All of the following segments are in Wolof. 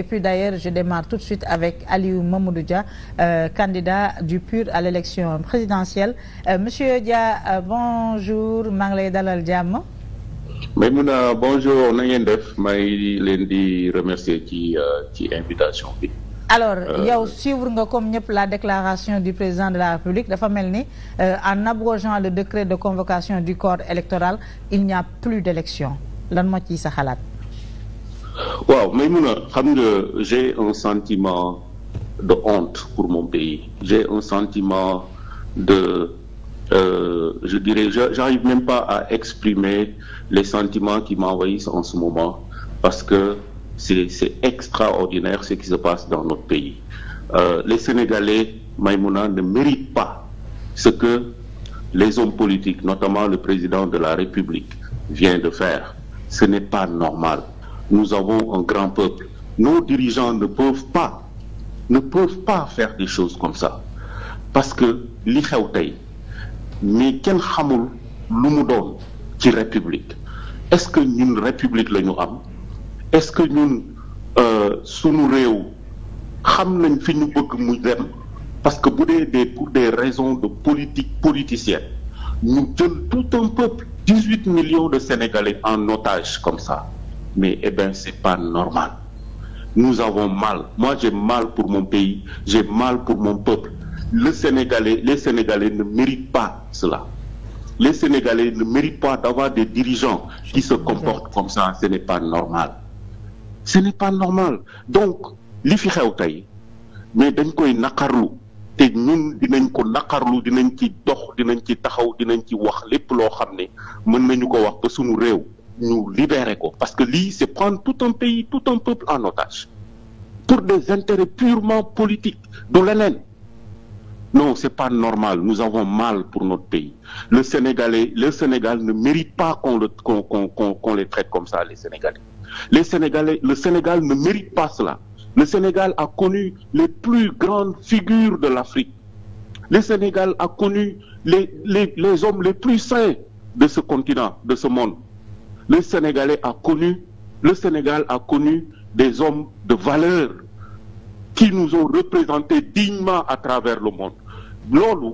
Et puis d'ailleurs, je démarre tout de suite avec Aliou Mamadou Dia, euh, candidat du PUR à l'élection présidentielle. Euh, monsieur Dia, euh, bonjour, maa ngi lay dalal jàmm. Maimouna, bonjour, remercier ci euh, ci invitation alors euh, yow suivre nga comme ñëpp la déclaration du président de la République dafa mel ni euh, en abrogeant le décret de convocation du corps électoral il n'y a plus d'élection lan moo ciy sa xalaat waaw Maïmouna xam nga j'ai un sentiment de honte pour mon pays j'ai un sentiment de euh, je dirais j'arrive même pas à exprimer les sentiments qui m'envahissent en ce moment parce que c'est c'est extraordinaire ce qui se passe dans notre pays euh, les Sénégalais Maïmouna ne méritent pas ce que les hommes politiques notamment le président de la République vient de faire ce n'est pas normal nous avons un grand peuple. Nos dirigeants ne peuvent pas, ne peuvent pas faire des choses comme ça. Parce que li xew tey mais kenn xamul lu mu doon ci république est-ce que ñun république la ñu am est-ce que ñun euh, sunu réew xam nañ fi ñu bëgg mu dem parce que bu dee des pour des raisons de politique politicienne ñu jël tout un peuple dix-huit millions de Sénégalais en otage comme ça mais eh bien c'est pas normal nous avons mal moi j'ai mal pour mon pays j'ai mal pour mon peuple le Sénégalais les Sénégalais ne méritent pas cela les Sénégalais ne méritent pas d'avoir des dirigeants qui se comportent comme ça ce n'est pas normal ce n'est pas normal donc li fi xew tey mais dañ koy naqarlu te ñun dinañ ko naqarlu dinañ ci dox dinañ ci taxaw dinañ ci wax lépp loo xam ne mën nañu ko wax ba sunu réew ñu libérer ko parce que lii c'est prendre tout un pays tout un peuple en otage pour des intérêts purement politiques de leneen non c'est pas normal nous avons mal pour notre pays le Sénégalais le Sénégal ne mérite pas qu'on le qu'on qu'on qu'on qu'on les traite comme ça les Sénégalais le Sénégal ne mérite pas cela le Sénégal a connu les plus grandes figures de l'Afrique le Sénégal a connu les les les hommes les plus saints de ce continent de ce monde le Sénégalais a connu, le Sénégal a connu des hommes de valeur qui nous ont représentés dignement à travers le monde. loolu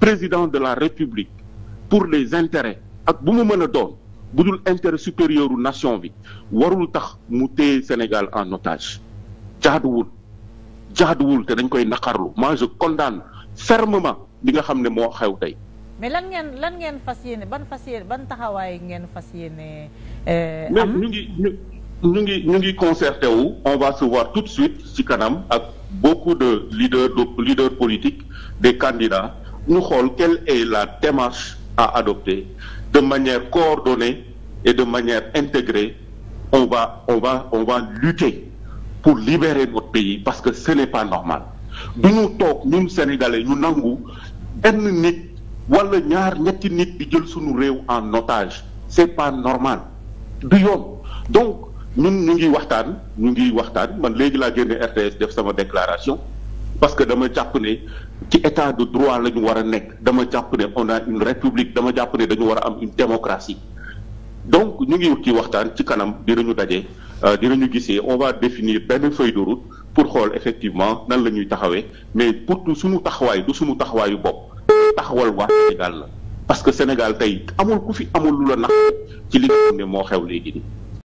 président de la République pour les intérêts ak bu mu mën a doon bu dul intérêt supérieur u nation bi warul tax mu téye Sénégal en otage jaaduwul jaaduwul te dañ koy naqarlu moi je condamne fermement li nga xam ne moo xew mais lan ngeen lan ngeen fas yéene ban fas yéene ban taxawaay ngeen fas yéene. Eh, am ñu ngi ñu ñu ngi ñu ngi concerté wu on va se voir tout de suite ci kanam ak beaucoup de leaders de leaders politiques des candidats ñu xool quelle est la démarche à adopter de manière coordonnée et de manière intégrée on va on va on va lutter pour libérer notre pays parce que ce n'est pas normal du ñu toog ñun Sénégalais ñu nangu benn nit. wala ñaar ñetti nit di jël suñu réew en otage c'est pas normal du yoon donc ñun ñu ngi waxtaan ñu ngi waxtaan man léegi laa génne RTS def sama déclaration parce que dama jàpp ne ci état de droit la ñu war a nekk dama jàpp ne on a une république dama jàpp ne dañu war a am une démocratie donc ñu ngi ci waxtaan ci kanam dinañu daje euh, dinañu gisee on va définir benn feuille de route pour xool effectivement nan la ñuy taxawee mais pour suñu taxawaay du suñu taxawaayu bopp taxawal waa Sénégal la parce que Sénégal tey amul ku fi amul lu la nax ci li nga moo xew léegi nii